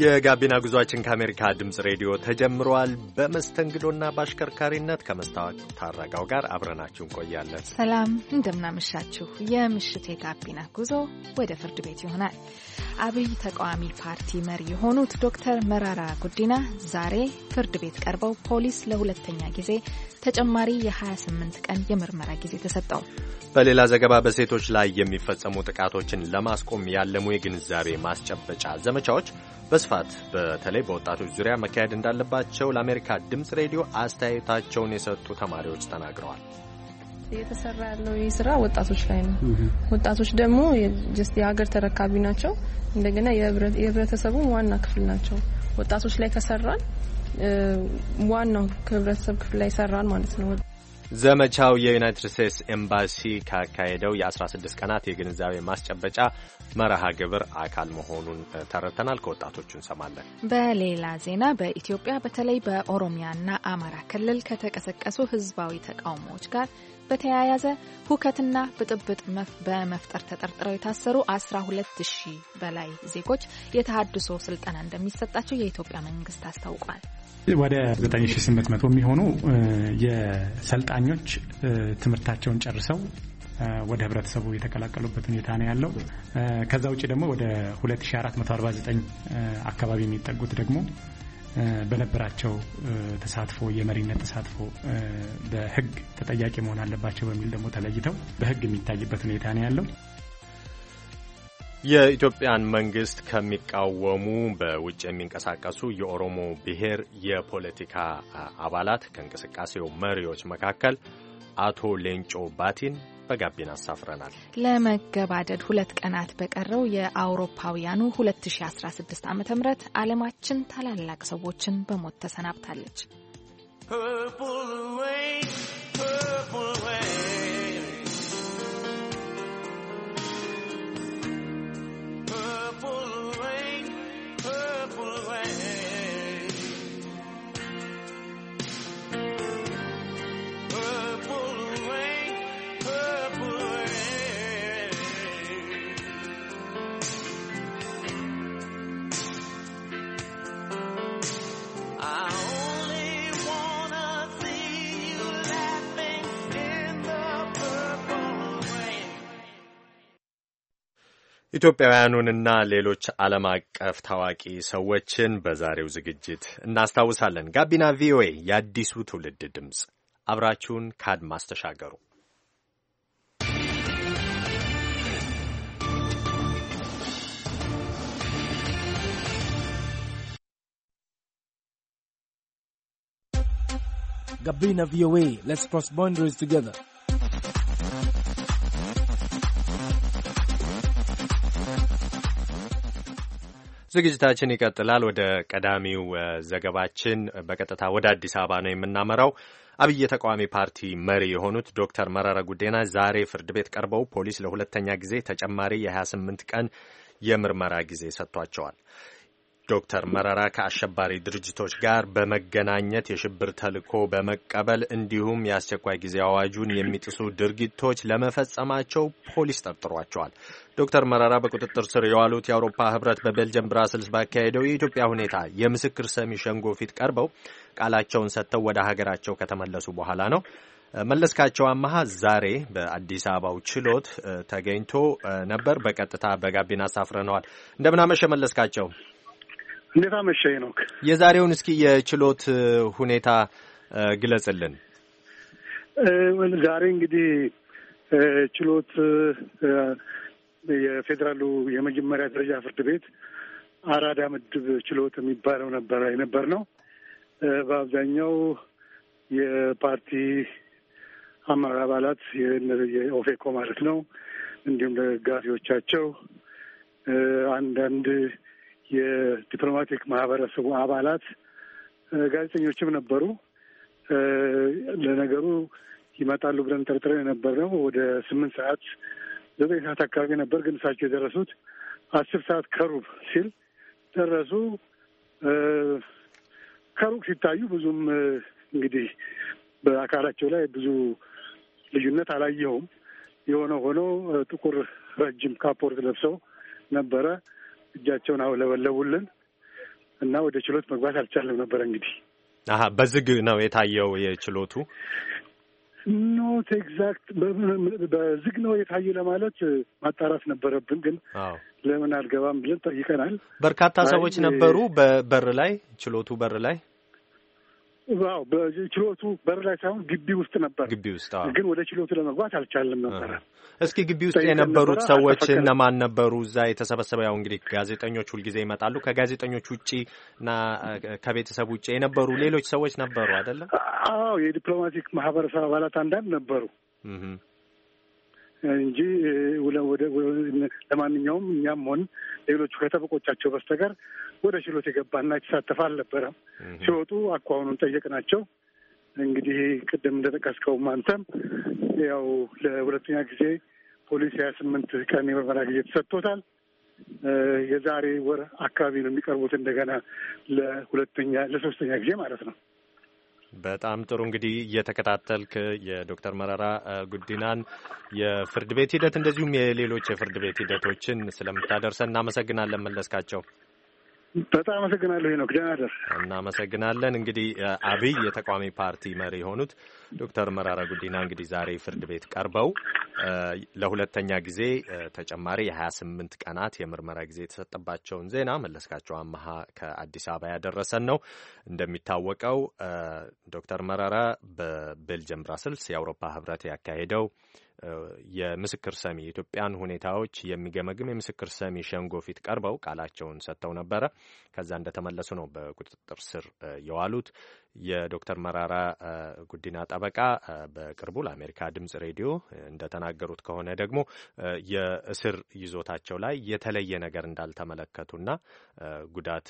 የጋቢና ጉዟችን ከአሜሪካ ድምፅ ሬዲዮ ተጀምሯል። በመስተንግዶና በአሽከርካሪነት ከመስታወት ታረጋው ጋር አብረናችሁ እንቆያለን። ሰላም እንደምናመሻችሁ። የምሽት የጋቢና ጉዞ ወደ ፍርድ ቤት ይሆናል። አብይ ተቃዋሚ ፓርቲ መሪ የሆኑት ዶክተር መራራ ጉዲና ዛሬ ፍርድ ቤት ቀርበው ፖሊስ ለሁለተኛ ጊዜ ተጨማሪ የ28 ቀን የምርመራ ጊዜ ተሰጠው። በሌላ ዘገባ በሴቶች ላይ የሚፈጸሙ ጥቃቶችን ለማስቆም ያለሙ የግንዛቤ ማስጨበጫ ዘመቻዎች በስፋት በተለይ በወጣቶች ዙሪያ መካሄድ እንዳለባቸው ለአሜሪካ ድምፅ ሬዲዮ አስተያየታቸውን የሰጡ ተማሪዎች ተናግረዋል። እየተሰራ ያለው ይህ ስራ ወጣቶች ላይ ነው። ወጣቶች ደግሞ የሀገር ተረካቢ ናቸው። እንደገና የህብረተሰቡ ዋና ክፍል ናቸው። ወጣቶች ላይ ከሰራን ዋናው ከህብረተሰብ ክፍል ላይ ሰራን ማለት ነው። ዘመቻው የዩናይትድ ስቴትስ ኤምባሲ ካካሄደው የ16 ቀናት የግንዛቤ ማስጨበጫ መርሃ ግብር አካል መሆኑን ተረድተናል። ከወጣቶቹ እንሰማለን። በሌላ ዜና በኢትዮጵያ በተለይ በኦሮሚያና አማራ ክልል ከተቀሰቀሱ ህዝባዊ ተቃውሞዎች ጋር በተያያዘ ሁከትና ብጥብጥ በመፍጠር ተጠርጥረው የታሰሩ 12 ሺህ በላይ ዜጎች የተሃድሶ ስልጠና እንደሚሰጣቸው የኢትዮጵያ መንግስት አስታውቋል። ወደ 9800 የሚሆኑ የሰልጣኞች ትምህርታቸውን ጨርሰው ወደ ህብረተሰቡ የተቀላቀሉበት ሁኔታ ነው ያለው። ከዛ ውጭ ደግሞ ወደ 2449 አካባቢ የሚጠጉት ደግሞ በነበራቸው ተሳትፎ የመሪነት ተሳትፎ በህግ ተጠያቂ መሆን አለባቸው በሚል ደግሞ ተለይተው በህግ የሚታይበት ሁኔታ ነው ያለው። የኢትዮጵያን መንግስት ከሚቃወሙ በውጭ የሚንቀሳቀሱ የኦሮሞ ብሔር የፖለቲካ አባላት ከእንቅስቃሴው መሪዎች መካከል አቶ ሌንጮ ባቲን በጋቢና አሳፍረናል። ለመገባደድ ሁለት ቀናት በቀረው የአውሮፓውያኑ 2016 ዓ ም ዓለማችን ታላላቅ ሰዎችን በሞት ተሰናብታለች። ኢትዮጵያውያኑንና ሌሎች ዓለም አቀፍ ታዋቂ ሰዎችን በዛሬው ዝግጅት እናስታውሳለን። ጋቢና ቪኦኤ የአዲሱ ትውልድ ድምፅ፣ አብራችሁን ከአድማስ ተሻገሩ። Gabina VOA. Let's cross boundaries together. ዝግጅታችን ይቀጥላል። ወደ ቀዳሚው ዘገባችን በቀጥታ ወደ አዲስ አበባ ነው የምናመራው። አብይ የተቃዋሚ ፓርቲ መሪ የሆኑት ዶክተር መረራ ጉዲና ዛሬ ፍርድ ቤት ቀርበው ፖሊስ ለሁለተኛ ጊዜ ተጨማሪ የ28 ቀን የምርመራ ጊዜ ሰጥቷቸዋል። ዶክተር መረራ ከአሸባሪ ድርጅቶች ጋር በመገናኘት የሽብር ተልኮ በመቀበል እንዲሁም የአስቸኳይ ጊዜ አዋጁን የሚጥሱ ድርጊቶች ለመፈጸማቸው ፖሊስ ጠርጥሯቸዋል። ዶክተር መረራ በቁጥጥር ስር የዋሉት የአውሮፓ ህብረት በቤልጅየም ብራስልስ ባካሄደው የኢትዮጵያ ሁኔታ የምስክር ሰሚ ሸንጎ ፊት ቀርበው ቃላቸውን ሰጥተው ወደ ሀገራቸው ከተመለሱ በኋላ ነው። መለስካቸው አመሀ ዛሬ በአዲስ አበባው ችሎት ተገኝቶ ነበር። በቀጥታ በጋቢና አሳፍረነዋል። እንደምናመሸ መለስካቸው እንዴት አመሸህ ሄኖክ? የዛሬውን እስኪ የችሎት ሁኔታ ግለጽልን። ዛሬ እንግዲህ ችሎት የፌዴራሉ የመጀመሪያ ደረጃ ፍርድ ቤት አራዳ ምድብ ችሎት የሚባለው ነበረ የነበር ነው። በአብዛኛው የፓርቲ አመራር አባላት የኦፌኮ ማለት ነው፣ እንዲሁም ደጋፊዎቻቸው አንዳንድ የዲፕሎማቲክ ማህበረሰቡ አባላት ጋዜጠኞችም ነበሩ። ለነገሩ ይመጣሉ ብለን ጠርጥረን ነው ወደ ስምንት ሰዓት ዘጠኝ ሰዓት አካባቢ ነበር። ግን እሳቸው የደረሱት አስር ሰዓት ከሩብ ሲል ደረሱ። ከሩቅ ሲታዩ ብዙም እንግዲህ በአካላቸው ላይ ብዙ ልዩነት አላየሁም። የሆነ ሆኖ ጥቁር ረጅም ካፖርት ለብሰው ነበረ። እጃቸውን አውለበለቡልን እና ወደ ችሎት መግባት አልቻለም ነበረ። እንግዲህ አሀ በዝግ ነው የታየው የችሎቱ ኖት ኤግዛክት በዝግ ነው የታየ ለማለት ማጣራት ነበረብን። ግን ለምን አልገባም ብለን ጠይቀናል። በርካታ ሰዎች ነበሩ በበር ላይ ችሎቱ በር ላይ ው ችሎቱ በር ላይ ሳይሆን ግቢ ውስጥ ነበር። ግቢ ውስጥ ግን ወደ ችሎቱ ለመግባት አልቻለም ነበረ። እስኪ ግቢ ውስጥ የነበሩት ሰዎች እነማን ነበሩ? እዛ የተሰበሰበ ያው እንግዲህ ጋዜጠኞች ሁልጊዜ ይመጣሉ። ከጋዜጠኞች ውጭ እና ከቤተሰብ ውጭ የነበሩ ሌሎች ሰዎች ነበሩ አይደለም? አዎ የዲፕሎማቲክ ማህበረሰብ አባላት አንዳንድ ነበሩ። እንጂ ለማንኛውም እኛም ሆን ሌሎቹ ከጠበቆቻቸው በስተቀር ወደ ችሎት የገባና የተሳተፈ አልነበረም። ሲወጡ አኳኋኑን ጠየቅናቸው። እንግዲህ ቅድም እንደጠቀስከውም አንተም ያው ለሁለተኛ ጊዜ ፖሊስ ሀያ ስምንት ቀን የምርመራ ጊዜ ተሰጥቶታል። የዛሬ ወር አካባቢ ነው የሚቀርቡት እንደገና ለሁለተኛ ለሶስተኛ ጊዜ ማለት ነው። በጣም ጥሩ እንግዲህ እየተከታተልክ የዶክተር መረራ ጉዲናን የፍርድ ቤት ሂደት እንደዚሁም የሌሎች የፍርድ ቤት ሂደቶችን ስለምታደርሰን እናመሰግናለን። መለስካቸው በጣም አመሰግናለሁ። ሄኖክ ደህና ደር። እናመሰግናለን። እንግዲህ አብይ የተቃዋሚ ፓርቲ መሪ የሆኑት ዶክተር መራራ ጉዲና እንግዲህ ዛሬ ፍርድ ቤት ቀርበው ለሁለተኛ ጊዜ ተጨማሪ የ28 ቀናት የምርመራ ጊዜ የተሰጠባቸውን ዜና መለስካቸው አመሃ ከአዲስ አበባ ያደረሰን ነው። እንደሚታወቀው ዶክተር መራራ በቤልጅየም ብራስልስ የአውሮፓ ህብረት ያካሄደው የምስክር ሰሚ የኢትዮጵያን ሁኔታዎች የሚገመግም የምስክር ሰሚ ሸንጎ ፊት ቀርበው ቃላቸውን ሰጥተው ነበረ። ከዛ እንደተመለሱ ነው በቁጥጥር ስር የዋሉት። የዶክተር መራራ ጉዲና ጠበቃ በቅርቡ ለአሜሪካ ድምጽ ሬዲዮ እንደተናገሩት ከሆነ ደግሞ የእስር ይዞታቸው ላይ የተለየ ነገር እንዳልተመለከቱና ጉዳት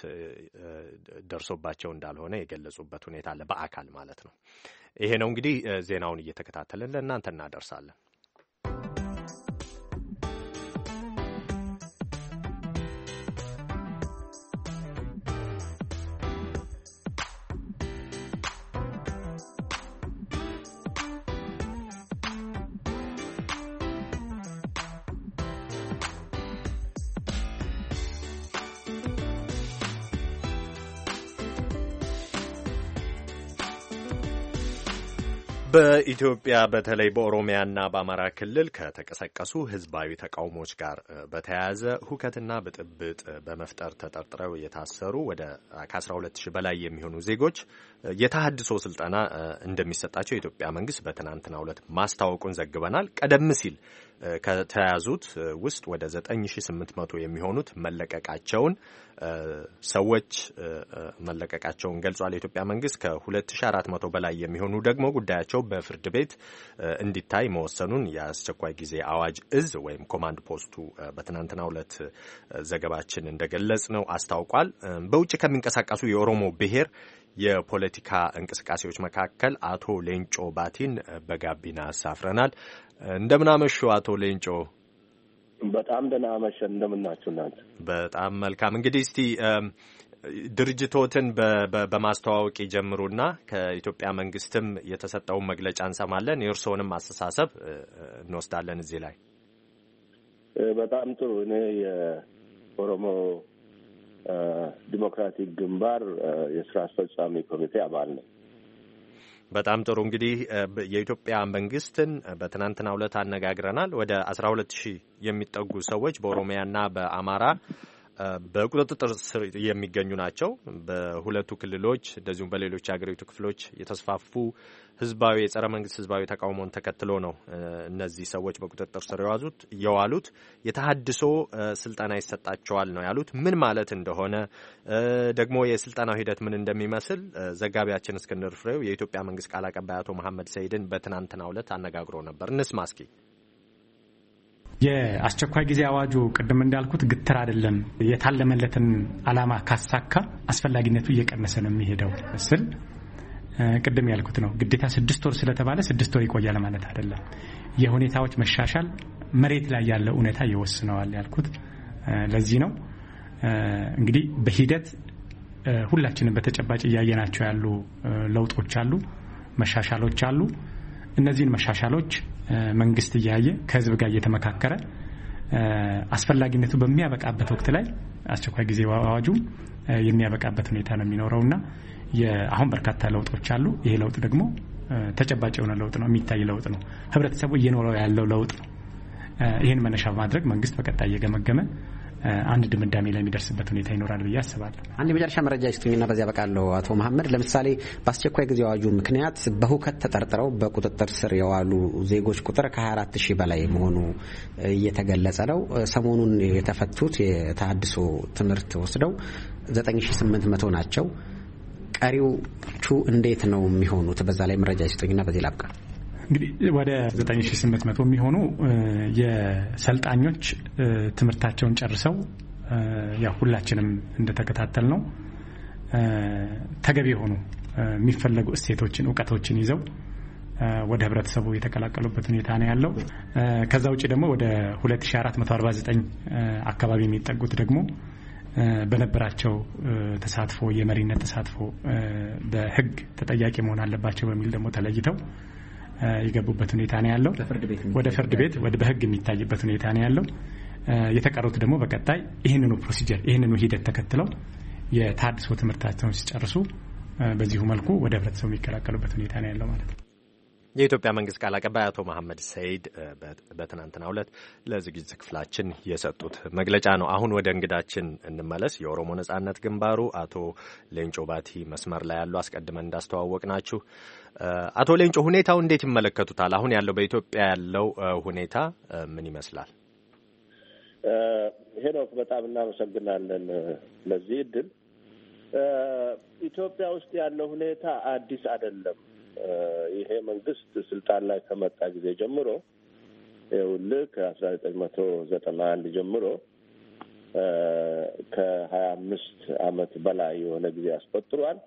ደርሶባቸው እንዳልሆነ የገለጹበት ሁኔታ አለ፣ በአካል ማለት ነው። ይሄ ነው እንግዲህ ዜናውን እየተከታተልን ለእናንተ እናደርሳለን። በኢትዮጵያ በተለይ በኦሮሚያና በአማራ ክልል ከተቀሰቀሱ ህዝባዊ ተቃውሞዎች ጋር በተያያዘ ሁከትና ብጥብጥ በመፍጠር ተጠርጥረው የታሰሩ ወደ ከ12 ሺህ በላይ የሚሆኑ ዜጎች የተሃድሶ ስልጠና እንደሚሰጣቸው የኢትዮጵያ መንግስት በትናንትናው ዕለት ማስታወቁን ዘግበናል። ቀደም ሲል ከተያዙት ውስጥ ወደ 9800 የሚሆኑት መለቀቃቸውን ሰዎች መለቀቃቸውን ገልጿል። የኢትዮጵያ መንግስት ከ2400 በላይ የሚሆኑ ደግሞ ጉዳያቸው በፍርድ ቤት እንዲታይ መወሰኑን የአስቸኳይ ጊዜ አዋጅ እዝ ወይም ኮማንድ ፖስቱ በትናንትናው ዕለት ዘገባችን እንደገለጽ ነው አስታውቋል። በውጭ ከሚንቀሳቀሱ የኦሮሞ ብሔር የፖለቲካ እንቅስቃሴዎች መካከል አቶ ሌንጮ ባቲን በጋቢና አሳፍረናል። እንደምናመሹ አቶ ሌንጮ። በጣም ደህና አመሸን። እንደምናችሁ በጣም መልካም። እንግዲህ እስቲ ድርጅቶትን በማስተዋወቅ ይጀምሩና ከኢትዮጵያ መንግስትም የተሰጠውን መግለጫ እንሰማለን። የእርስዎንም አስተሳሰብ እንወስዳለን። እዚህ ላይ በጣም ጥሩ። እኔ የኦሮሞ ዲሞክራቲክ ግንባር የስራ አስፈጻሚ ኮሚቴ አባል ነኝ። በጣም ጥሩ። እንግዲህ የኢትዮጵያ መንግስትን በትናንትናው ዕለት አነጋግረናል። ወደ አስራ ሁለት ሺህ የሚጠጉ ሰዎች በኦሮሚያና በአማራ በቁጥጥር ስር የሚገኙ ናቸው። በሁለቱ ክልሎች እንደዚሁም በሌሎች የሀገሪቱ ክፍሎች የተስፋፉ ህዝባዊ የጸረ መንግስት ህዝባዊ ተቃውሞን ተከትሎ ነው እነዚህ ሰዎች በቁጥጥር ስር የዋዙት የዋሉት የተሀድሶ ስልጠና ይሰጣቸዋል ነው ያሉት። ምን ማለት እንደሆነ ደግሞ የስልጠናው ሂደት ምን እንደሚመስል ዘጋቢያችን እስክንድር ፍሬው የኢትዮጵያ መንግስት ቃል አቀባይ አቶ መሐመድ ሰይድን በትናንትናው ዕለት አነጋግሮ ነበር። እንስማ እስኪ። የአስቸኳይ ጊዜ አዋጁ ቅድም እንዳልኩት ግትር አይደለም። የታለመለትን ዓላማ ካሳካ አስፈላጊነቱ እየቀነሰ ነው የሚሄደው ስል ቅድም ያልኩት ነው። ግዴታ ስድስት ወር ስለተባለ ስድስት ወር ይቆያል ማለት አይደለም። የሁኔታዎች መሻሻል መሬት ላይ ያለው እውነታ ይወስነዋል ያልኩት ለዚህ ነው። እንግዲህ በሂደት ሁላችንም በተጨባጭ እያየናቸው ያሉ ለውጦች አሉ፣ መሻሻሎች አሉ። እነዚህን መሻሻሎች መንግስት እያየ ከህዝብ ጋር እየተመካከረ አስፈላጊነቱ በሚያበቃበት ወቅት ላይ አስቸኳይ ጊዜ አዋጁ የሚያበቃበት ሁኔታ ነው የሚኖረው እና አሁን በርካታ ለውጦች አሉ። ይሄ ለውጥ ደግሞ ተጨባጭ የሆነ ለውጥ ነው፣ የሚታይ ለውጥ ነው፣ ህብረተሰቡ እየኖረው ያለው ለውጥ ነው። ይህን መነሻ በማድረግ መንግስት በቀጣይ እየገመገመ አንድ ድምዳሜ ላይ የሚደርስበት ሁኔታ ይኖራል ብዬ አስባለሁ። አንድ የመጨረሻ መረጃ ይስጡኝና በዚያ በቃለሁ። አቶ መሀመድ፣ ለምሳሌ በአስቸኳይ ጊዜ አዋጁ ምክንያት በሁከት ተጠርጥረው በቁጥጥር ስር የዋሉ ዜጎች ቁጥር ከ24 በላይ መሆኑ እየተገለጸ ነው። ሰሞኑን የተፈቱት የተሃድሶ ትምህርት ወስደው 9800 ናቸው። ቀሪዎቹ እንዴት ነው የሚሆኑት? በዛ ላይ መረጃ ይስጡኝና በዚህ ላብቃል። እንግዲህ ወደ 9800 የሚሆኑ የሰልጣኞች ትምህርታቸውን ጨርሰው ያው ሁላችንም እንደተከታተል ነው ተገቢ የሆኑ የሚፈለጉ እሴቶችን እውቀቶችን ይዘው ወደ ህብረተሰቡ የተቀላቀሉበት ሁኔታ ነው ያለው። ከዛ ውጭ ደግሞ ወደ 2449 አካባቢ የሚጠጉት ደግሞ በነበራቸው ተሳትፎ የመሪነት ተሳትፎ በህግ ተጠያቂ መሆን አለባቸው በሚል ደግሞ ተለይተው የገቡበት ሁኔታ ነው ያለው። ወደ ፍርድ ቤት ወደ በህግ የሚታይበት ሁኔታ ነው ያለው። የተቀሩት ደግሞ በቀጣይ ይህንኑ ፕሮሲጀር ይህንኑ ሂደት ተከትለው የታድሶ ትምህርታቸውን ሲጨርሱ በዚሁ መልኩ ወደ ህብረተሰቡ የሚቀላቀሉበት ሁኔታ ነው ያለው ማለት ነው። የኢትዮጵያ መንግስት ቃል አቀባይ አቶ መሐመድ ሰይድ በትናንትናው ዕለት ለዝግጅት ክፍላችን የሰጡት መግለጫ ነው። አሁን ወደ እንግዳችን እንመለስ። የኦሮሞ ነጻነት ግንባሩ አቶ ሌንጮ ባቲ መስመር ላይ ያሉ አስቀድመን እንዳስተዋወቅ ናችሁ አቶ ሌንጮ ሁኔታው እንዴት ይመለከቱታል? አሁን ያለው በኢትዮጵያ ያለው ሁኔታ ምን ይመስላል? ሄኖክ በጣም እናመሰግናለን ለዚህ እድል። ኢትዮጵያ ውስጥ ያለው ሁኔታ አዲስ አይደለም። ይሄ መንግስት ስልጣን ላይ ከመጣ ጊዜ ጀምሮ ይኸውልህ ከአስራ ዘጠኝ መቶ ዘጠና አንድ ጀምሮ ከሀያ አምስት አመት በላይ የሆነ ጊዜ አስቆጥሯል።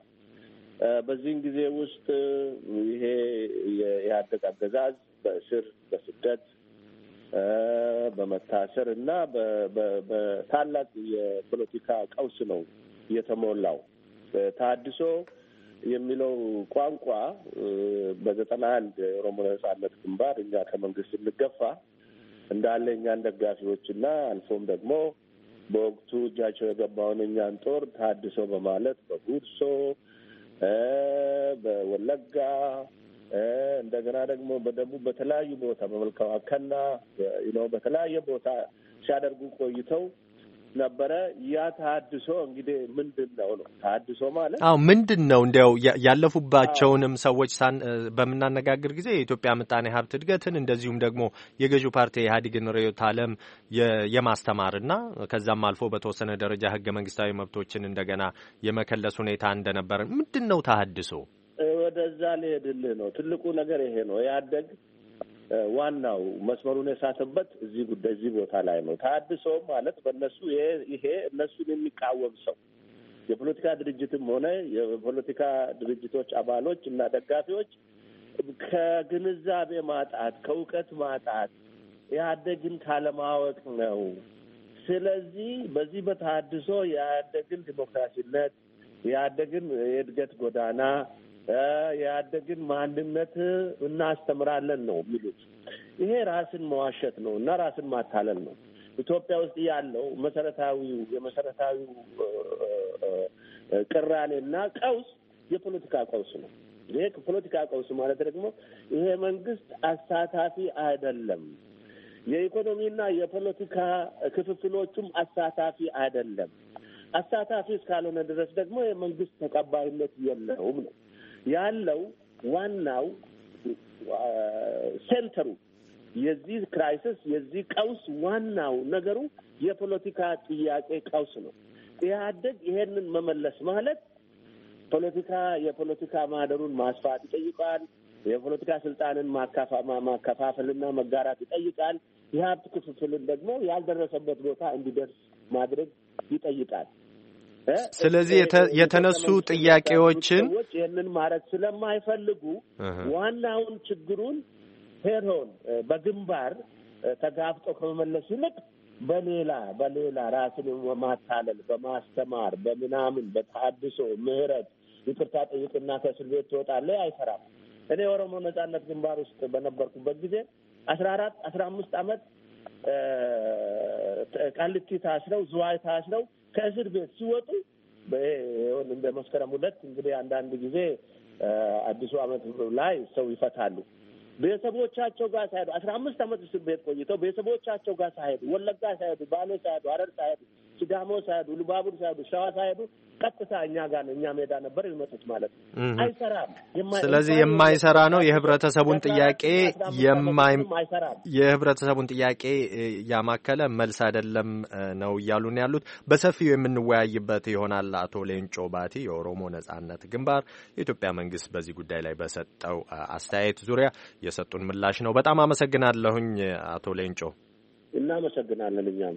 በዚህን ጊዜ ውስጥ ይሄ የኢህአዴግ አገዛዝ በእስር በስደት በመታሰር እና በታላቅ የፖለቲካ ቀውስ ነው የተሞላው። ታድሶ የሚለው ቋንቋ በዘጠና አንድ የኦሮሞ ነጻነት ግንባር እኛ ከመንግስት እንገፋ እንዳለ እኛን ደጋፊዎች እና አልፎም ደግሞ በወቅቱ እጃቸው የገባውን እኛን ጦር ታድሶ በማለት በጉድሶ በወለጋ እንደገና ደግሞ በደቡብ በተለያዩ ቦታ በመልካም አከና በተለያየ ቦታ ሲያደርጉ ቆይተው ነበረ። ያ ተሀድሶ እንግዲህ ምንድን ነው ነው ተሀድሶ ማለት አዎ፣ ምንድን ነው እንዲያው ያለፉባቸውንም ሰዎች ሳን በምናነጋግር ጊዜ የኢትዮጵያ ምጣኔ ሀብት እድገትን እንደዚሁም ደግሞ የገዢው ፓርቲ የኢህአዴግን ርዕዮተ ዓለም የማስተማርና ከዛም አልፎ በተወሰነ ደረጃ ህገ መንግስታዊ መብቶችን እንደገና የመከለስ ሁኔታ እንደነበረ ምንድን ነው ተሀድሶ? ወደዛ ሊሄድልህ ነው። ትልቁ ነገር ይሄ ነው። ኢህአዴግ ዋናው መስመሩን የሳተበት እዚህ ጉዳይ እዚህ ቦታ ላይ ነው። ታድሶ ማለት በእነሱ ይሄ እነሱን የሚቃወም ሰው የፖለቲካ ድርጅትም ሆነ የፖለቲካ ድርጅቶች አባሎች እና ደጋፊዎች ከግንዛቤ ማጣት ከእውቀት ማጣት የአደግን ካለማወቅ ነው። ስለዚህ በዚህ በታድሶ የአደግን ዲሞክራሲነት የኢህአዴግን የእድገት ጎዳና የአደግን ማንነት እናስተምራለን ነው የሚሉት። ይሄ ራስን መዋሸት ነው እና ራስን ማታለል ነው። ኢትዮጵያ ውስጥ ያለው መሰረታዊው የመሰረታዊው ቅራኔና ቀውስ የፖለቲካ ቀውስ ነው። ይሄ ፖለቲካ ቀውስ ማለት ደግሞ ይሄ መንግስት አሳታፊ አይደለም፣ የኢኮኖሚና የፖለቲካ ክፍፍሎቹም አሳታፊ አይደለም። አሳታፊ እስካልሆነ ድረስ ደግሞ የመንግስት ተቀባይነት የለውም ነው ያለው ዋናው ሴንተሩ የዚህ ክራይሲስ የዚህ ቀውስ ዋናው ነገሩ የፖለቲካ ጥያቄ ቀውስ ነው። ኢህአደግ ይሄንን መመለስ ማለት ፖለቲካ የፖለቲካ ማህደሩን ማስፋት ይጠይቃል። የፖለቲካ ስልጣንን ማከፋፈልና መጋራት ይጠይቃል። የሀብት ክፍፍልን ደግሞ ያልደረሰበት ቦታ እንዲደርስ ማድረግ ይጠይቃል። ስለዚህ የተነሱ ጥያቄዎችን ሰዎች ይህንን ማድረግ ስለማይፈልጉ ዋናውን ችግሩን ሄሮን በግንባር ተጋፍጦ ከመመለሱ ይልቅ በሌላ በሌላ ራስን በማታለል በማስተማር በምናምን በታድሶ ምህረት ይቅርታ ጠይቅና ከእስር ቤት ትወጣለህ አይሰራም። እኔ የኦሮሞ ነጻነት ግንባር ውስጥ በነበርኩበት ጊዜ አስራ አራት አስራ አምስት አመት ቃሊቲ ታስረው ዝዋይ ታስረው ከእስር ቤት ሲወጡ ይሁን እንደ መስከረም ሁለት እንግዲህ አንዳንድ ጊዜ አዲሱ ዓመት ላይ ሰው ይፈታሉ። ቤተሰቦቻቸው ጋር ሳይሄዱ አስራ አምስት ዓመት እስር ቤት ቆይተው ቤተሰቦቻቸው ጋር ሳይሄዱ ወለጋ ሳይሄዱ ባሌ ሳይሄዱ አረር ሳይሄዱ ሲዳሞ ሳይሄዱ ሉባቡር ሳይሄዱ ሸዋ ሳይሄዱ ቀጥታ እኛ ጋር ነው እኛ ሜዳ ነበር ይመጡት ማለት ነው። አይሰራም። ስለዚህ የማይሰራ ነው የህብረተሰቡን ጥያቄ የህብረተሰቡን ጥያቄ ያማከለ መልስ አይደለም ነው እያሉን ያሉት። በሰፊው የምንወያይበት ይሆናል። አቶ ሌንጮ ባቲ የኦሮሞ ነጻነት ግንባር የኢትዮጵያ መንግስት በዚህ ጉዳይ ላይ በሰጠው አስተያየት ዙሪያ የሰጡን ምላሽ ነው። በጣም አመሰግናለሁኝ አቶ ሌንጮ። እናመሰግናለን እኛም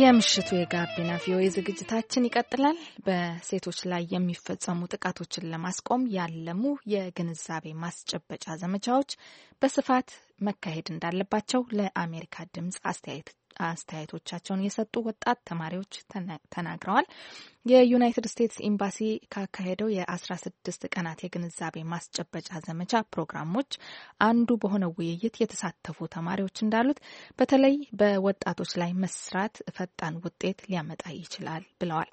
የምሽቱ የጋቢና ቪኦኤ ዝግጅታችን ይቀጥላል። በሴቶች ላይ የሚፈጸሙ ጥቃቶችን ለማስቆም ያለሙ የግንዛቤ ማስጨበጫ ዘመቻዎች በስፋት መካሄድ እንዳለባቸው ለአሜሪካ ድምፅ አስተያየት አስተያየቶቻቸውን የሰጡ ወጣት ተማሪዎች ተናግረዋል። የዩናይትድ ስቴትስ ኤምባሲ ካካሄደው የአስራ ስድስት ቀናት የግንዛቤ ማስጨበጫ ዘመቻ ፕሮግራሞች አንዱ በሆነው ውይይት የተሳተፉ ተማሪዎች እንዳሉት በተለይ በወጣቶች ላይ መስራት ፈጣን ውጤት ሊያመጣ ይችላል ብለዋል።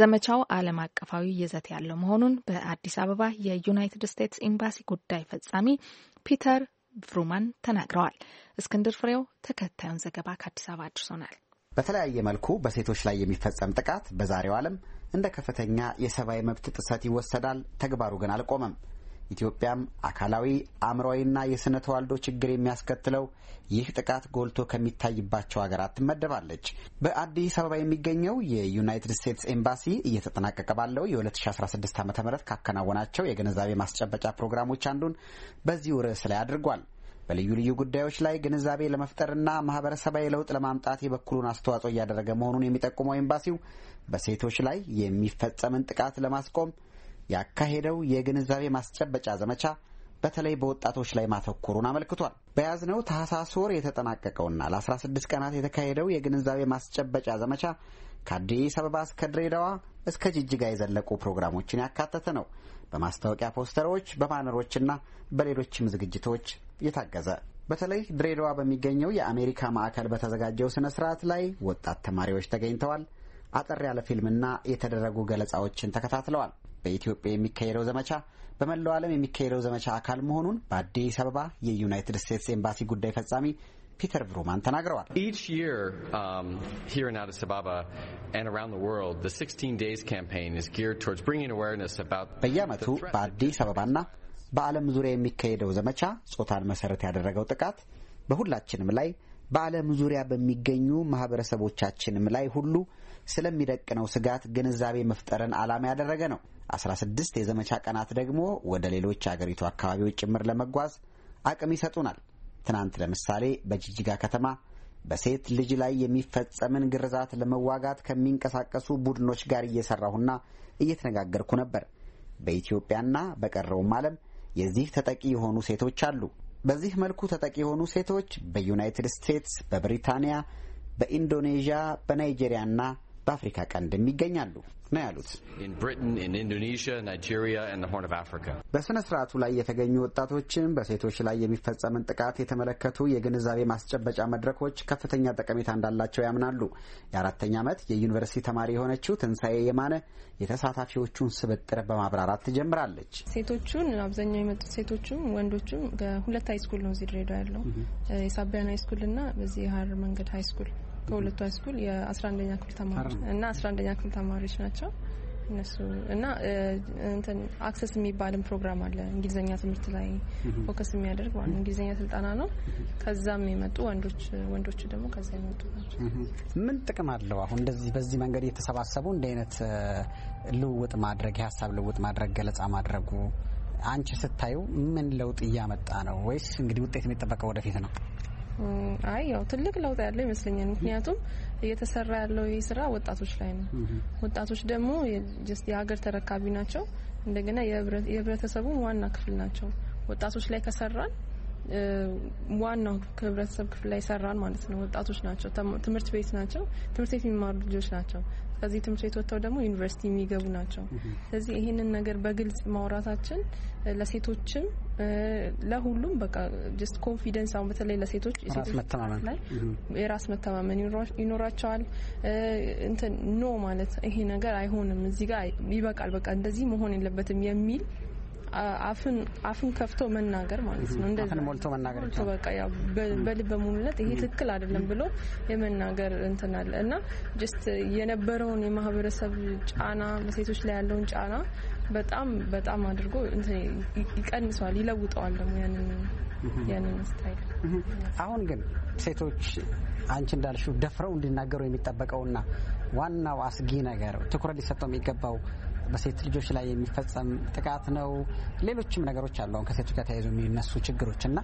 ዘመቻው ዓለም አቀፋዊ ይዘት ያለው መሆኑን በአዲስ አበባ የዩናይትድ ስቴትስ ኤምባሲ ጉዳይ ፈጻሚ ፒተር ፍሩማን ተናግረዋል። እስክንድር ፍሬው ተከታዩን ዘገባ ከአዲስ አበባ አድርሶናል። በተለያየ መልኩ በሴቶች ላይ የሚፈጸም ጥቃት በዛሬው ዓለም እንደ ከፍተኛ የሰብአዊ መብት ጥሰት ይወሰዳል። ተግባሩ ግን አልቆመም። ኢትዮጵያም አካላዊ አእምሯዊና የስነ ተዋልዶ ችግር የሚያስከትለው ይህ ጥቃት ጎልቶ ከሚታይባቸው ሀገራት ትመደባለች። በአዲስ አበባ የሚገኘው የዩናይትድ ስቴትስ ኤምባሲ እየተጠናቀቀ ባለው የ2016 ዓ ም ካከናወናቸው የግንዛቤ ማስጨበጫ ፕሮግራሞች አንዱን በዚሁ ርዕስ ላይ አድርጓል። በልዩ ልዩ ጉዳዮች ላይ ግንዛቤ ለመፍጠርና ማህበረሰባዊ ለውጥ ለማምጣት የበኩሉን አስተዋጽኦ እያደረገ መሆኑን የሚጠቁመው ኤምባሲው በሴቶች ላይ የሚፈጸምን ጥቃት ለማስቆም ያካሄደው የግንዛቤ ማስጨበጫ ዘመቻ በተለይ በወጣቶች ላይ ማተኮሩን አመልክቷል። በያዝነው ታህሳስ ወር የተጠናቀቀውና ለ16 ቀናት የተካሄደው የግንዛቤ ማስጨበጫ ዘመቻ ከአዲስ አበባ እስከ ድሬዳዋ እስከ ጅጅጋ የዘለቁ ፕሮግራሞችን ያካተተ ነው። በማስታወቂያ ፖስተሮች፣ በባነሮችና በሌሎችም ዝግጅቶች የታገዘ በተለይ ድሬዳዋ በሚገኘው የአሜሪካ ማዕከል በተዘጋጀው ስነ ስርዓት ላይ ወጣት ተማሪዎች ተገኝተዋል። አጠር ያለ ፊልምና የተደረጉ ገለጻዎችን ተከታትለዋል። በኢትዮጵያ የሚካሄደው ዘመቻ በመላው ዓለም የሚካሄደው ዘመቻ አካል መሆኑን በአዲስ አበባ የዩናይትድ ስቴትስ ኤምባሲ ጉዳይ ፈጻሚ ፒተር ብሩማን ተናግረዋል። በየዓመቱ በአዲስ አበባና በዓለም ዙሪያ የሚካሄደው ዘመቻ ጾታን መሰረት ያደረገው ጥቃት በሁላችንም ላይ በዓለም ዙሪያ በሚገኙ ማህበረሰቦቻችንም ላይ ሁሉ ስለሚደቅነው ስጋት ግንዛቤ መፍጠርን ዓላማ ያደረገ ነው። 16 የዘመቻ ቀናት ደግሞ ወደ ሌሎች አገሪቱ አካባቢዎች ጭምር ለመጓዝ አቅም ይሰጡናል። ትናንት ለምሳሌ በጅጅጋ ከተማ በሴት ልጅ ላይ የሚፈጸምን ግርዛት ለመዋጋት ከሚንቀሳቀሱ ቡድኖች ጋር እየሰራሁና እየተነጋገርኩ ነበር። በኢትዮጵያና በቀረውም ዓለም የዚህ ተጠቂ የሆኑ ሴቶች አሉ። በዚህ መልኩ ተጠቂ የሆኑ ሴቶች በዩናይትድ ስቴትስ፣ በብሪታንያ፣ በኢንዶኔዥያ፣ በናይጄሪያና በአፍሪካ ቀንድም ይገኛሉ ነው ያሉት። በሥነ ስርዓቱ ላይ የተገኙ ወጣቶችም በሴቶች ላይ የሚፈጸምን ጥቃት የተመለከቱ የግንዛቤ ማስጨበጫ መድረኮች ከፍተኛ ጠቀሜታ እንዳላቸው ያምናሉ። የአራተኛ ዓመት የዩኒቨርሲቲ ተማሪ የሆነችው ትንሣኤ የማነ የተሳታፊዎቹን ስብጥር በማብራራት ትጀምራለች። ሴቶቹን አብዛኛው የመጡት ሴቶቹም ወንዶቹም ሁለት ሀይስኩል ነው እዚህ ድሬዳዋ ያለው የሳቢያን ሀይስኩልና በዚህ የሀረር መንገድ ሀይስኩል ከሁለቱ ሃይስኩል የ11ኛ ክፍል ተማሪ እና 11ኛ ክፍል ተማሪዎች ናቸው እነሱ እና እንትን አክሰስ የሚባልም ፕሮግራም አለ እንግሊዝኛ ትምህርት ላይ ፎከስ የሚያደርግ ማለት ነው። እንግሊዝኛ ስልጠና ነው። ከዛም የመጡ ወንዶች ወንዶቹ ደግሞ ከዛ የመጡ ናቸው። ምን ጥቅም አለው አሁን እንደዚህ በዚህ መንገድ የተሰባሰቡ እንዲህ አይነት ልውውጥ ማድረግ የሀሳብ ልውውጥ ማድረግ ገለጻ ማድረጉ አንቺ ስታዩ ምን ለውጥ እያመጣ ነው? ወይስ እንግዲህ ውጤት የሚጠበቀው ወደፊት ነው? አይ ያው ትልቅ ለውጥ ያለው ይመስለኛል። ምክንያቱም እየተሰራ ያለው ይህ ስራ ወጣቶች ላይ ነው። ወጣቶች ደግሞ የሀገር ተረካቢ ናቸው። እንደገና የህብረተሰቡ ዋና ክፍል ናቸው። ወጣቶች ላይ ከሰራን ዋናው ከህብረተሰብ ክፍል ላይ ሰራን ማለት ነው። ወጣቶች ናቸው፣ ትምህርት ቤት ናቸው፣ ትምህርት ቤት የሚማሩ ልጆች ናቸው። ከዚህ ትምህርት ቤት ወጥተው ደግሞ ዩኒቨርሲቲ የሚገቡ ናቸው። ስለዚህ ይህንን ነገር በግልጽ ማውራታችን ለሴቶችም ለሁሉም በቃ ጀስት ኮንፊደንስ አሁን በተለይ ለሴቶች የራስ መተማመን ይኖራቸዋል። እንትን ኖ ማለት ይሄ ነገር አይሆንም፣ እዚህ ጋር ይበቃል፣ በቃ እንደዚህ መሆን የለበትም የሚል አፍን አፍን ከፍቶ መናገር ማለት ነው። እንደዚህ ሞልቶ መናገር ይቻላል። በቃ ያ በልበ ሙሉነት ይሄ ትክክል አይደለም ብሎ የመናገር እንትን አለ እና ጀስት የነበረውን የማህበረሰብ ጫና በሴቶች ላይ ያለውን ጫና በጣም በጣም አድርጎ እንትን ይቀንሰዋል፣ ይለውጠዋል ደግሞ ያንን ያንን ስታይል። አሁን ግን ሴቶች አንቺ እንዳልሽው ደፍረው እንዲናገሩ የሚጠበቀውና ዋናው አስጊ ነገር ትኩረት ሊሰጠው የሚገባው በሴት ልጆች ላይ የሚፈጸም ጥቃት ነው። ሌሎችም ነገሮች አሉ አሁን ከሴቶች ጋር ተያይዞ የሚነሱ ችግሮች እና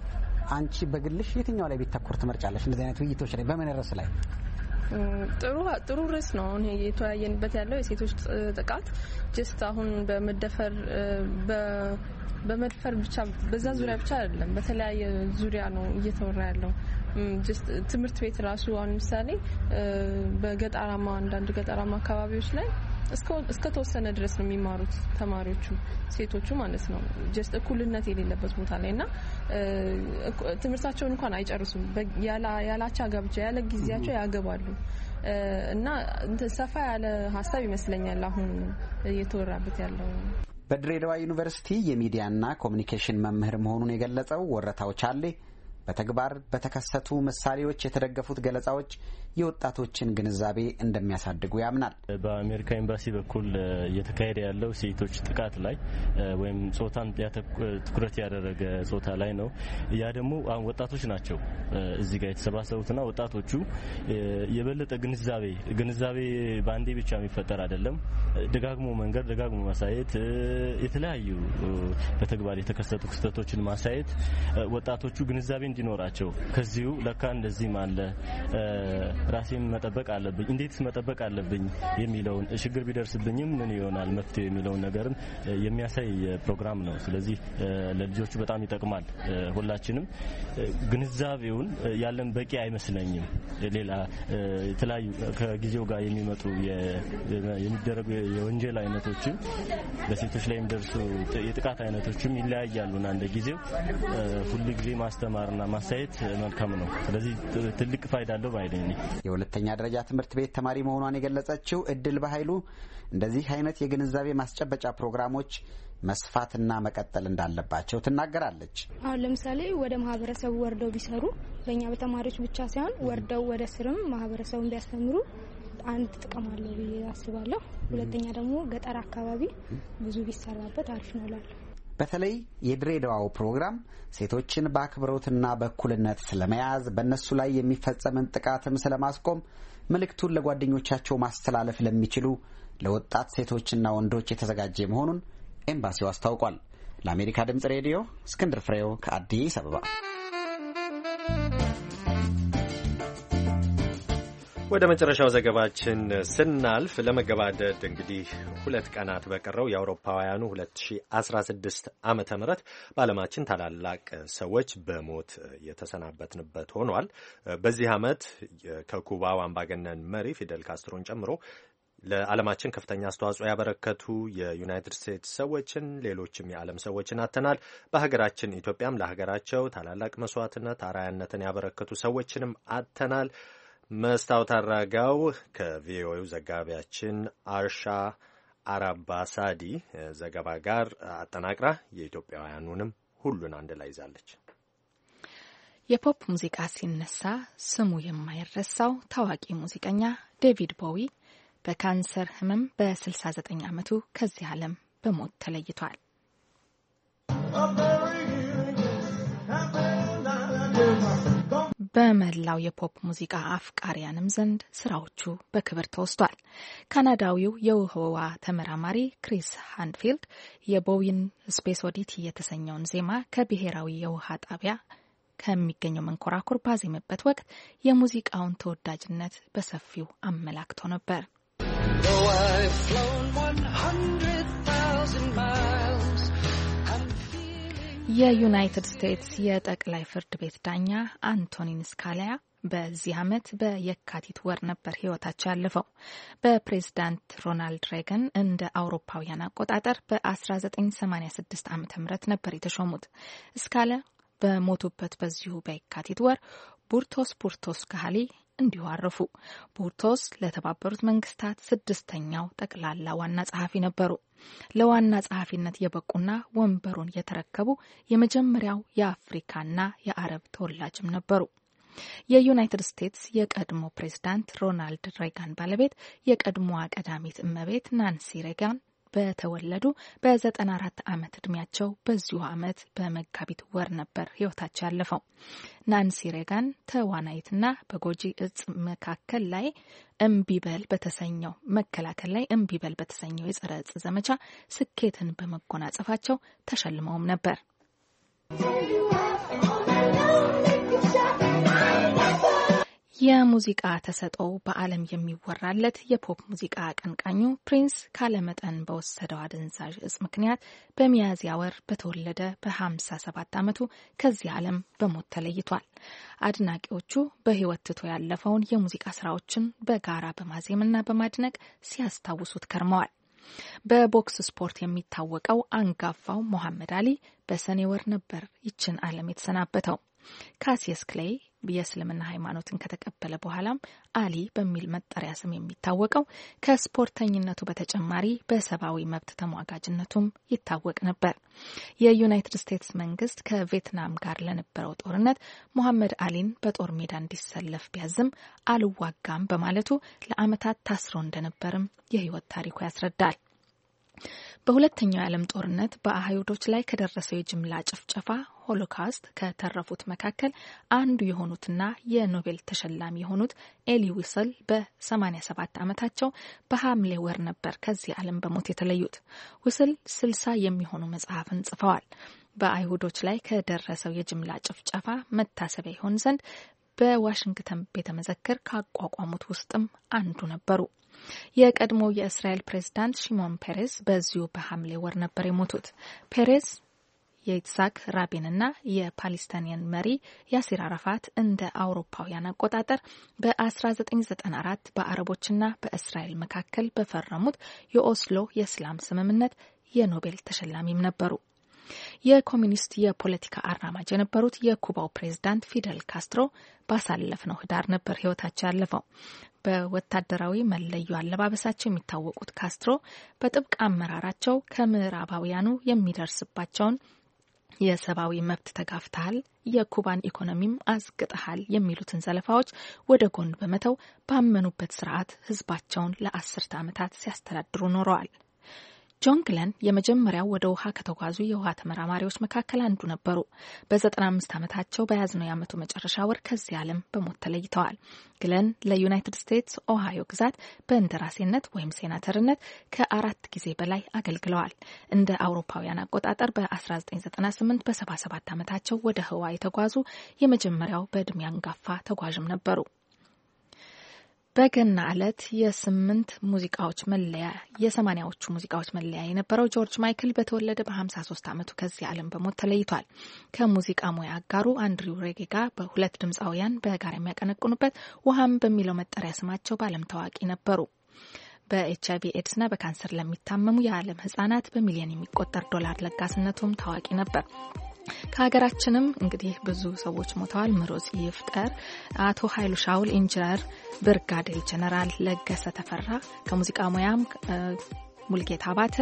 አንቺ በግልሽ የትኛው ላይ ቢተኮር ትመርጫለሽ? እንደዚህ አይነት ውይይቶች ላይ በምን ርዕስ ላይ? ጥሩ ጥሩ ርዕስ ነው። አሁን የተወያየንበት ያለው የሴቶች ጥቃት ጀስት አሁን በመደፈር በመድፈር ብቻ በዛ ዙሪያ ብቻ አይደለም፣ በተለያየ ዙሪያ ነው እየተወራ ያለው። ትምህርት ቤት ራሱ አሁን ምሳሌ በገጠራማ አንዳንድ ገጠራማ አካባቢዎች ላይ እስከ ተወሰነ ድረስ ነው የሚማሩት ተማሪዎቹ ሴቶቹ ማለት ነው። ጀስት እኩልነት የሌለበት ቦታ ላይ እና ትምህርታቸውን እንኳን አይጨርሱም። ያላቻ ጋብቻ ያለ ጊዜያቸው ያገባሉ እና ሰፋ ያለ ሀሳብ ይመስለኛል አሁን እየተወራበት ያለው። በድሬዳዋ ዩኒቨርሲቲ የሚዲያና ኮሚኒኬሽን መምህር መሆኑን የገለጸው ወረታው ቻሌ በተግባር በተከሰቱ ምሳሌዎች የተደገፉት ገለጻዎች የወጣቶችን ግንዛቤ እንደሚያሳድጉ ያምናል። በአሜሪካ ኤምባሲ በኩል እየተካሄደ ያለው ሴቶች ጥቃት ላይ ወይም ጾታን ትኩረት ያደረገ ጾታ ላይ ነው። ያ ደግሞ ወጣቶች ናቸው እዚህ ጋር የተሰባሰቡትና ወጣቶቹ የበለጠ ግንዛቤ ግንዛቤ በአንዴ ብቻ የሚፈጠር አይደለም። ደጋግሞ መንገድ ደጋግሞ ማሳየት፣ የተለያዩ በተግባር የተከሰቱ ክስተቶችን ማሳየት ወጣቶቹ ግንዛቤ እንዲኖራቸው ከዚሁ ለካ እንደዚህም አለ ራሴን መጠበቅ አለብኝ፣ እንዴት መጠበቅ አለብኝ የሚለውን ችግር ቢደርስብኝም ምን ይሆናል መፍትሄ የሚለውን ነገርም የሚያሳይ ፕሮግራም ነው። ስለዚህ ለልጆቹ በጣም ይጠቅማል። ሁላችንም ግንዛቤውን ያለን በቂ አይመስለኝም። ሌላ የተለያዩ ከጊዜው ጋር የሚመጡ የሚደረጉ የወንጀል አይነቶችም በሴቶች ላይ የሚደርሱ የጥቃት አይነቶችም ይለያያሉና እንደ ጊዜው ሁሉ ጊዜ ማስተማርና ማሳየት መልካም ነው። ስለዚህ ትልቅ ፋይዳ አለው ባይደ የሁለተኛ ደረጃ ትምህርት ቤት ተማሪ መሆኗን የገለጸችው እድል በኃይሉ እንደዚህ አይነት የግንዛቤ ማስጨበጫ ፕሮግራሞች መስፋትና መቀጠል እንዳለባቸው ትናገራለች። አሁን ለምሳሌ ወደ ማህበረሰቡ ወርደው ቢሰሩ በእኛ በተማሪዎች ብቻ ሳይሆን ወርደው ወደ ስርም ማህበረሰቡን ቢያስተምሩ አንድ ጥቅም አለው ብዬ አስባለሁ። ሁለተኛ ደግሞ ገጠር አካባቢ ብዙ ቢሰራበት አሪፍ ነው እላለሁ። በተለይ የድሬዳዋው ፕሮግራም ሴቶችን በአክብሮትና በእኩልነት ስለመያዝ በእነሱ ላይ የሚፈጸምን ጥቃትም ስለማስቆም መልእክቱን ለጓደኞቻቸው ማስተላለፍ ለሚችሉ ለወጣት ሴቶችና ወንዶች የተዘጋጀ መሆኑን ኤምባሲው አስታውቋል። ለአሜሪካ ድምፅ ሬዲዮ እስክንድር ፍሬው ከአዲስ አበባ ወደ መጨረሻው ዘገባችን ስናልፍ ለመገባደድ እንግዲህ ሁለት ቀናት በቀረው የአውሮፓውያኑ 2016 ዓመተ ምህረት በዓለማችን ታላላቅ ሰዎች በሞት የተሰናበትንበት ሆኗል። በዚህ ዓመት ከኩባው አምባገነን መሪ ፊደል ካስትሮን ጨምሮ ለዓለማችን ከፍተኛ አስተዋጽኦ ያበረከቱ የዩናይትድ ስቴትስ ሰዎችን ሌሎችም የዓለም ሰዎችን አተናል። በሀገራችን ኢትዮጵያም ለሀገራቸው ታላላቅ መስዋዕትነት አራያነትን ያበረከቱ ሰዎችንም አተናል። መስታወት አራጋው ከቪኦኤው ዘጋቢያችን አርሻ አራባሳዲ ዘገባ ጋር አጠናቅራ የኢትዮጵያውያኑንም ሁሉን አንድ ላይ ይዛለች። የፖፕ ሙዚቃ ሲነሳ ስሙ የማይረሳው ታዋቂ ሙዚቀኛ ዴቪድ ቦዊ በካንሰር ሕመም በ69 ዓመቱ ከዚህ ዓለም በሞት ተለይቷል። በመላው የፖፕ ሙዚቃ አፍቃሪያንም ዘንድ ስራዎቹ በክብር ተወስቷል። ካናዳዊው የውህዋ ተመራማሪ ክሪስ ሃንድፊልድ የቦዊን ስፔስ ኦዲት የተሰኘውን ዜማ ከብሔራዊ የውሃ ጣቢያ ከሚገኘው መንኮራኩር ባዜመበት ወቅት የሙዚቃውን ተወዳጅነት በሰፊው አመላክቶ ነበር። የዩናይትድ ስቴትስ የጠቅላይ ፍርድ ቤት ዳኛ አንቶኒን ስካሊያ በዚህ ዓመት በየካቲት ወር ነበር ሕይወታቸው ያለፈው በፕሬዝዳንት ሮናልድ ሬገን እንደ አውሮፓውያን አቆጣጠር በ1986 ዓ ም ነበር የተሾሙት። እስካለ በሞቱበት በዚሁ በየካቲት ወር ቡርቶስ ቡርቶስ ካህሊ እንዲሁ አረፉ። ቡርቶስ ለተባበሩት መንግስታት ስድስተኛው ጠቅላላ ዋና ጸሐፊ ነበሩ። ለዋና ጸሐፊነት የበቁና ወንበሩን የተረከቡ የመጀመሪያው የአፍሪካና የአረብ ተወላጅም ነበሩ። የዩናይትድ ስቴትስ የቀድሞ ፕሬዚዳንት ሮናልድ ሬጋን ባለቤት የቀድሞዋ ቀዳሚት እመቤት ናንሲ ሬጋን በተወለዱ በ94 ዓመት ዕድሜያቸው በዚሁ ዓመት በመጋቢት ወር ነበር ህይወታቸው ያለፈው። ናንሲ ሬጋን ተዋናይትና በጎጂ እጽ መካከል ላይ እምቢበል በተሰኘው መከላከል ላይ እምቢበል በተሰኘው የጸረ እጽ ዘመቻ ስኬትን በመጎናጸፋቸው ተሸልመውም ነበር። የሙዚቃ ተሰጠው በዓለም የሚወራለት የፖፕ ሙዚቃ አቀንቃኙ ፕሪንስ ካለመጠን በወሰደው አደንዛዥ እጽ ምክንያት በሚያዝያ ወር በተወለደ በ57 ዓመቱ ከዚህ ዓለም በሞት ተለይቷል። አድናቂዎቹ በሕይወት ትቶ ያለፈውን የሙዚቃ ስራዎችን በጋራ በማዜምና በማድነቅ ሲያስታውሱት ከርመዋል። በቦክስ ስፖርት የሚታወቀው አንጋፋው ሞሐመድ አሊ በሰኔ ወር ነበር ይችን ዓለም የተሰናበተው። ካሲየስ ክሌይ የእስልምና ሃይማኖትን ከተቀበለ በኋላም አሊ በሚል መጠሪያ ስም የሚታወቀው ከስፖርተኝነቱ በተጨማሪ በሰብአዊ መብት ተሟጋጅነቱም ይታወቅ ነበር። የዩናይትድ ስቴትስ መንግስት ከቪየትናም ጋር ለነበረው ጦርነት ሞሐመድ አሊን በጦር ሜዳ እንዲሰለፍ ቢያዝም አልዋጋም በማለቱ ለአመታት ታስሮ እንደነበርም የህይወት ታሪኩ ያስረዳል። በሁለተኛው የዓለም ጦርነት በአይሁዶች ላይ ከደረሰው የጅምላ ጭፍጨፋ ሆሎካስት ከተረፉት መካከል አንዱ የሆኑትና የኖቤል ተሸላሚ የሆኑት ኤሊ ዊስል በ87 ዓመታቸው በሐምሌ ወር ነበር ከዚህ ዓለም በሞት የተለዩት። ዊስል 60 የሚሆኑ መጽሐፍን ጽፈዋል። በአይሁዶች ላይ ከደረሰው የጅምላ ጭፍጨፋ መታሰቢያ ይሆን ዘንድ በዋሽንግተን ቤተ መዘክር ካቋቋሙት ውስጥም አንዱ ነበሩ። የቀድሞ የእስራኤል ፕሬዝዳንት ሽሞን ፔሬዝ በዚሁ በሐምሌ ወር ነበር የሞቱት። ፔሬዝ የይትሳክ ራቢንና የፓሌስታኒያን መሪ ያሲር አረፋት እንደ አውሮፓውያን አቆጣጠር በ1994 በአረቦችና በእስራኤል መካከል በፈረሙት የኦስሎ የሰላም ስምምነት የኖቤል ተሸላሚም ነበሩ። የኮሚኒስት የፖለቲካ አራማጅ የነበሩት የኩባው ፕሬዝዳንት ፊደል ካስትሮ ባሳለፍነው ህዳር ነበር ህይወታቸው ያለፈው። በወታደራዊ መለዮ አለባበሳቸው የሚታወቁት ካስትሮ በጥብቅ አመራራቸው ከምዕራባውያኑ የሚደርስባቸውን የሰብአዊ መብት ተጋፍተሃል፣ የኩባን ኢኮኖሚም አዝግጠሃል የሚሉትን ዘለፋዎች ወደ ጎን በመተው ባመኑበት ስርዓት ህዝባቸውን ለአስርተ ዓመታት ሲያስተዳድሩ ኖረዋል። ጆን ግለን የመጀመሪያው ወደ ውሃ ከተጓዙ የውሃ ተመራማሪዎች መካከል አንዱ ነበሩ። በ95 ዓመታቸው በያዝነው የዓመቱ መጨረሻ ወር ከዚህ ዓለም በሞት ተለይተዋል። ግለን ለዩናይትድ ስቴትስ ኦሃዮ ግዛት በእንደራሴነት ወይም ሴናተርነት ከአራት ጊዜ በላይ አገልግለዋል። እንደ አውሮፓውያን አቆጣጠር በ1998 በ77 ዓመታቸው ወደ ህዋ የተጓዙ የመጀመሪያው በዕድሜ አንጋፋ ተጓዥም ነበሩ። በገና ዕለት የስምንት ሙዚቃዎች መለያ የሰማኒያዎቹ ሙዚቃዎች መለያ የነበረው ጆርጅ ማይክል በተወለደ በ53 ዓመቱ ከዚህ ዓለም በሞት ተለይቷል። ከሙዚቃ ሙያ አጋሩ አንድሪው ሬጌ ጋር በሁለት ድምፃውያን በጋር የሚያቀነቅኑበት ውሃም በሚለው መጠሪያ ስማቸው በዓለም ታዋቂ ነበሩ። በኤች አይቪ ኤድስና በካንሰር ለሚታመሙ የዓለም ህጻናት በሚሊዮን የሚቆጠር ዶላር ለጋስነቱም ታዋቂ ነበር። ከሀገራችንም እንግዲህ ብዙ ሰዎች ሞተዋል። ምሮጽ ይፍጠር፣ አቶ ኃይሉ ሻውል፣ ኢንጂነር ብርጋዴር ጀነራል ለገሰ ተፈራ፣ ከሙዚቃ ሙያም ሙልጌታ አባተ